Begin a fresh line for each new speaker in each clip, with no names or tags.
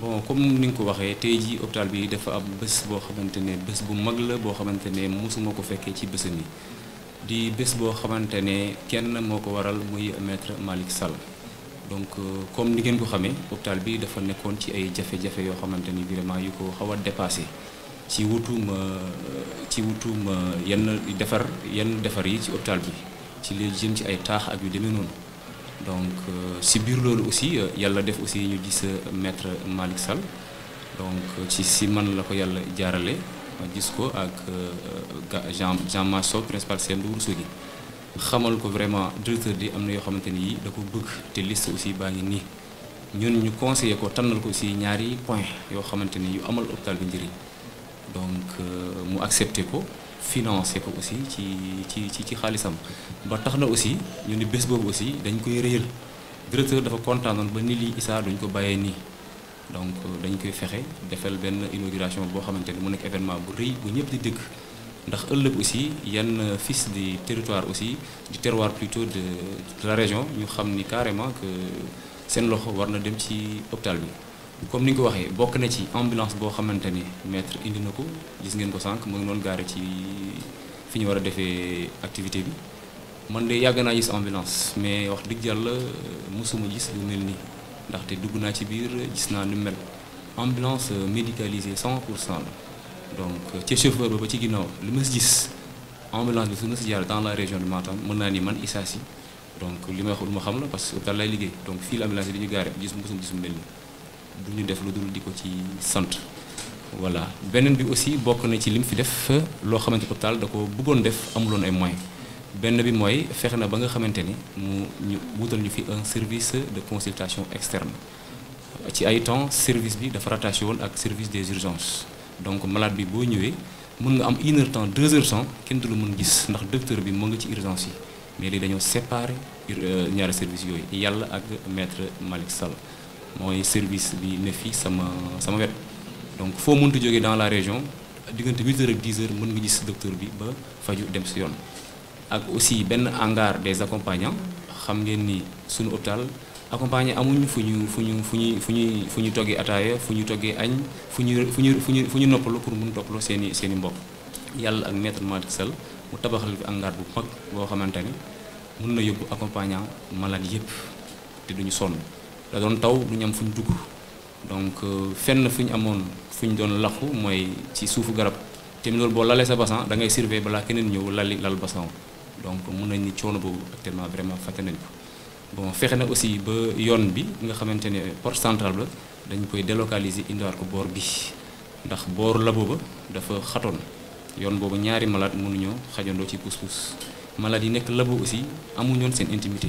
bon comme ni nga ko waxee tey jii hôpital bi dafa am bés boo xamante ne bés bu mag la boo xamante ne mosuma ko fekkee ci bésam yi di bés boo xamante ne kenn moo ko waral muy maître Malick Sall donc euh, comme ni ngeen ko xamee hôpital bi dafa nekkoon ci ay jafe-jafe yoo xamante ni vraiment yu ko xaw a dépassé. ci wutum euh, ci wutum euh, yenn defar yenn defar yi ci hôpital bi ci li jëm ci ay taax ak yu demee noonu donc si euh, biir loolu aussi yàlla def aussi ñu gis maître Malick Sall donc ci si man la ko yàlla jaarale ma gis ko ak Jean Jean Masso principal CM de Ourossogui xamal ko vraiment directeur di am na yoo xamante ni da ko bëgg te liste aussi baa ngi nii ñun ñu conseiller ko tànnal ko aussi ñaari point yoo xamante ni yu amal hôpital bi njëriñ donc euh, mu accepté ko financé ko aussi ci ci ci ci xaalisam ba tax na aussi ñu ni bés boobu aussi dañ koy réyal directeur dafa kontaanoon ba ni lii ISA duñ ko bàyyee nii donc euh, dañ koy fexe defal benn inauguration boo xamante ni mu nekk événement bu rëy bu ñëpp di dégg ndax ëllëg aussi yenn fils di territoire aussi du terroir plutôt de la région ñu xam ni carrément que seen loxo war na dem ci hôpital bi comme ni ko waxe bok na ci ambulance bo xamanteni maître indi nako gis ngeen ko sank mo ngi non garé ci fi ñu war a activité bi man de yag na gis ambulance mais wax dëgg yàlla mosuma gis lu melni ndax té dugg naa ci biir gis na ni mel ambulance médicalisée 100 donc ci chauffeur ba ci ginnaw li ma gis ambulance bi su ci si dans la région de Matam mën naa ni man Issa donc li may wax lu ma xam la parce que dalay lay liggéey donc fi la ambulance yi dañu gaare gis mosuma gis lu mel du ñu def lu dul di ko ci sant voilà beneen bi aussi bokk na ci lim fi def loo xamante hôpital da ko bëggoon def amuloon ay moyens benn bi mooy fexe na ba nga xamante ni mu ñu wutal ñu fi un service de consultation externe ci ay temps service bi dafa rattaché woon ak service des urgences donc malade bi boo ñëwee mën nga am une heure temps deux heures temps kenn du la mën gis ndax docteur bi mu nga ci urgence yi mais léegi dañoo séparé euh, ñaari service yooyu yàlla ak maître Malick Sall mooy service bi ne fii sama sama wet donc foo mëntu jógee dans la région diggante 8 heures ak 10 heures mën nga gis docteur bi ba faju dem si yoon ak aussi benn hangar des accompagnants xam ngeen nii suñu hôpital accompagné amuñu fu ñu fu ñu fu ñuy fu ñuy fu ñuy toggee ataaya fu ñuy toggee añ fu ñu fu ñu fu ñu fu ñu noppalu pour mun noppaloo seen i seen i mbokk yàlla ak maître Malick Sall mu tabaxal fi hangar bu mag boo xamante ni mun na yóbbu accompagnant malade yëpp te duñu sonn da doon taw du ñu fu ñu dugg donc euh, fenn fu ñu amoon fu ñu doon laqu mooy ci suufu garab te loolu boo lalee sa bassan da ngay surveiller balaa keneen ñëw lali lal bassan donc mun nañ ni coono boobu actuellement vraiment fàtte nañ ko bon fexe na aussi ba yoon bi nga xamante ne porte centrale la dañ koy délocaliser indiwaat ko boor bi ndax boor la ba dafa xatoon yoon boobu ñaari malade mënuñoo xajandoo ci pousse-pousse malade yi nekk laboo aussi amuñoon seen intimité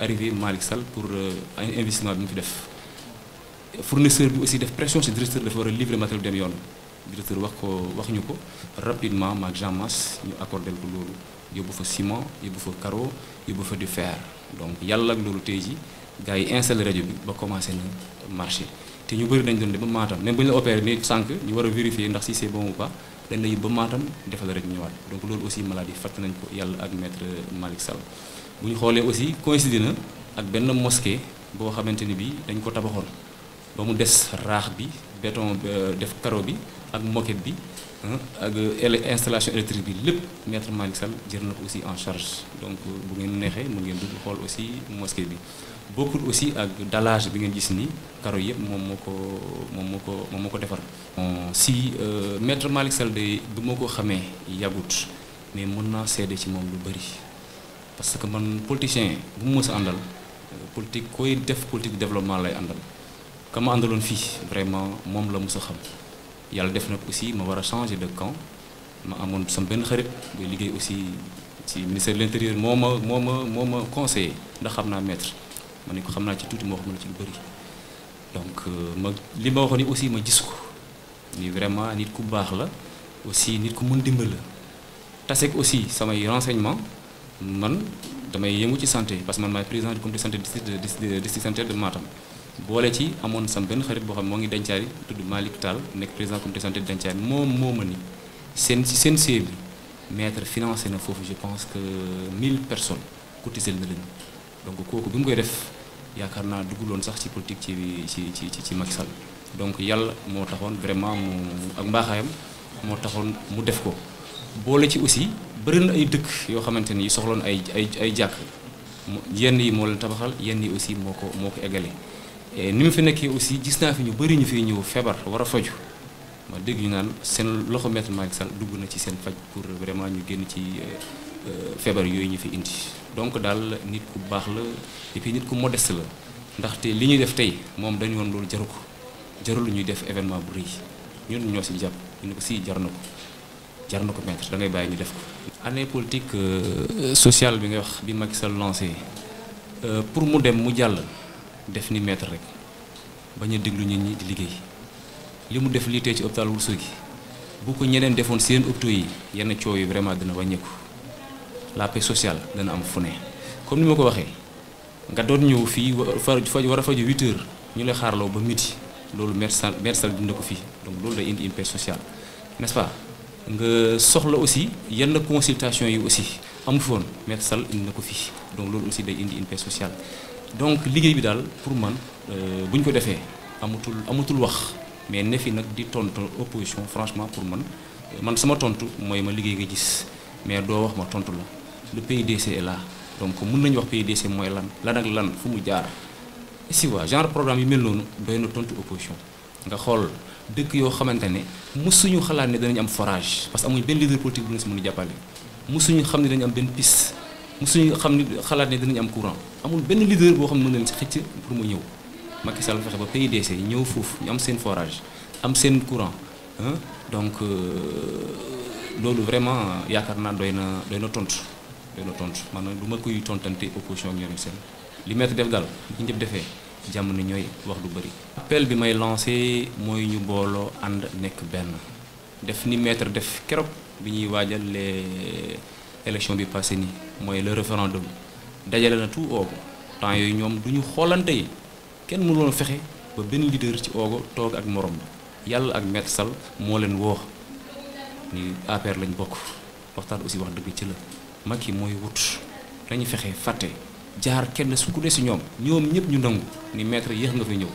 arrivé Malik Sall pour euh, un investissement bi mu fi fournisseur bi aussi def pression sur le directeur de faire livrer le matériel Mion. Le directeur wax ko wax ko rapidement maag Jean Mas ñu accordé ko loolu yóbbu fa ciment yóbbu fa carreau yóbbu fa du fer donc yàlla ak loolu tey jii gars yi installé rajo bi ba commencé na marché te ñu bëri dañ doon dem ba Matam même si ñu la opéré ni sànq ñu war a vérifier ndax si c'est bon ou pas dañ la yóbbu ba Matam defal rajo ñëwaat donc loolu aussi maladie fàtte nañ ko yàlla ak maître Malik Sall bu ñu xoolee aussi coïncide na ak benn mosquée boo xamante ni bi dañ ko tabaxoon ba mu des raax bi béton euh, def carreau bi ak moquette bi hein, ak euh, installation électrique bi lépp maître Malick Sall jël na ko aussi en charge donc euh, bu ngeen neexee mu ngeen dugg xool aussi mosquée bi bokkul aussi ak dallage bi ngeen gis ni carreau yëpp moom moo ko moom moo ko moom moo ko defar si maître Malick Sall de bu ma ko xamee yàggut mais mën naa seede ci moom lu bëri parce que man politicien bu mu mës a àndal politique koy def politique développement lay àndal ka ma àndaloon fii vraiment moom la mës a xam yàlla def na aussi ma war a changer de camp ma amoon sama benn xarit buy liggéey aussi ci ministère de l'intérieur moo ma moo ma moo ma conseillé ndax xam naa maître ma ne ko xam naa ci tuuti moo xam na ci lu bëri donc euh, ma li ma waxoon ni aussi ma gis ko ni vraiment nit ku baax la aussi nit ku mën dimbal la taseeg aussi samay renseignement man damay yëngu ci santé parce que man maay président du comité santé district district sanitaire de Matam boole ci amoon sam benn xarit boo xam moo ngi dencaari tudd Malick Tall nekk président comité santé dencaari moom moo ma ni seen ci seen CIE bi maître financé na foofu je pense que 1000 personnes cotisé na leen donc kooku bi mu koy def yaakaar naa dugguloon sax ci politique ci ci ci ci ci Macky Sall donc yàlla moo taxoon vraiment mu ak mbaaxaayam moo taxoon mu def ko boole ci aussi. bëri na ay dëkk yoo xamante ni soxloon ay ay ay jàkk yenn yi moo leen tabaxal yenn yi aussi moo ko moo ko eggale e ni mu fi nekkee aussi gis naa fi ñu bëri ñu fi ñëw feebar war a faju ma dégg naan seen loxo maître Malick dugg na ci seen faj pour vraiment ñu génn ci e, e, feebar yooyu ñu fi indi donc daal nit ku baax la et puis nit ku modeste la ndaxte li ñuy def tey moom dañu woon loolu jaru ko jarul ñuy def événement bu rëy ñun ñoo si jàpp ñu ne ko si jar na ko jar na ko maître da ngay bàyyi ñu def ko année politique euh, sociale bi nga wax bi Macky Sall lancé euh, pour mu dem mu jàll def ni maître rek ba ñu déglu nit ñi di liggéey li mu def lii tey ci hôpital gi bu ko ñeneen defoon seen hôpitaux yi yenn coow yi vraiment dina wàññeeku la paix sociale dana am fu ne comme ni ma ko waxee nga doon ñëw fii faj war a faju huit ñu lay xaarloo ba midi loolu maire Sall maire Sall dina ko fii donc loolu day indi une paix sociale n'est-ce nga soxla aussi yenn consultation yi aussi amu fi woon maître indi na ko fii donc loolu aussi day indi une paix sociale donc liggéey bi daal pour man euh, bu ñu ko defee amatul amatul wax mais ne fi nag di tontu opposition franchement pour man man sama tontu mooy ma liggéey nga gis mais doo wax ma tontu la lu PIDC est là donc mun nañu wax PIDC mooy lan lan ak lan fu mu jaar si waa genre programme yi mel noonu doy na tontu opposition nga xool. dëkk yoo xamante ne musuñu xalaat ne danañ am forage parce que amuñ benn leader politique bu ñu si mën a jàppale musuñu xam ne danañ am benn piste musuñu xam ne xalaat ne danañ am courant amul benn leader boo xam ne mën na leen si xëcc pour mu ñëw Macky Sall fexe ba PIDC ñëw foofu ñu am seen forage am seen courant hein? donc euh, loolu vraiment yaakaar naa doy na doy na tontu doy na tontu maanaam du ma koy tontante opposition ak ñoom seen li maître def daal bu ñëpp defee jamono ñoy wax lu bari appel bi may lancé moy ñu bolo and nek ben def ni maître def keroog bi ñuy wajal les élections bi passé ni moy le référendum dajale na tout ogo temps yoy ñom duñu ñu ken kenn mënuloon ba ben leader ci ogo toog ak morom yalla ak maître sal mo len wox ni APR lañ bokk waxtan aussi wax dëgg ci la Macky moy wut lañu fexé faté jaar kenn su ku ne si ñoom ñoom ñëpp ñu nangu ni maître yéex nga fi ñëw.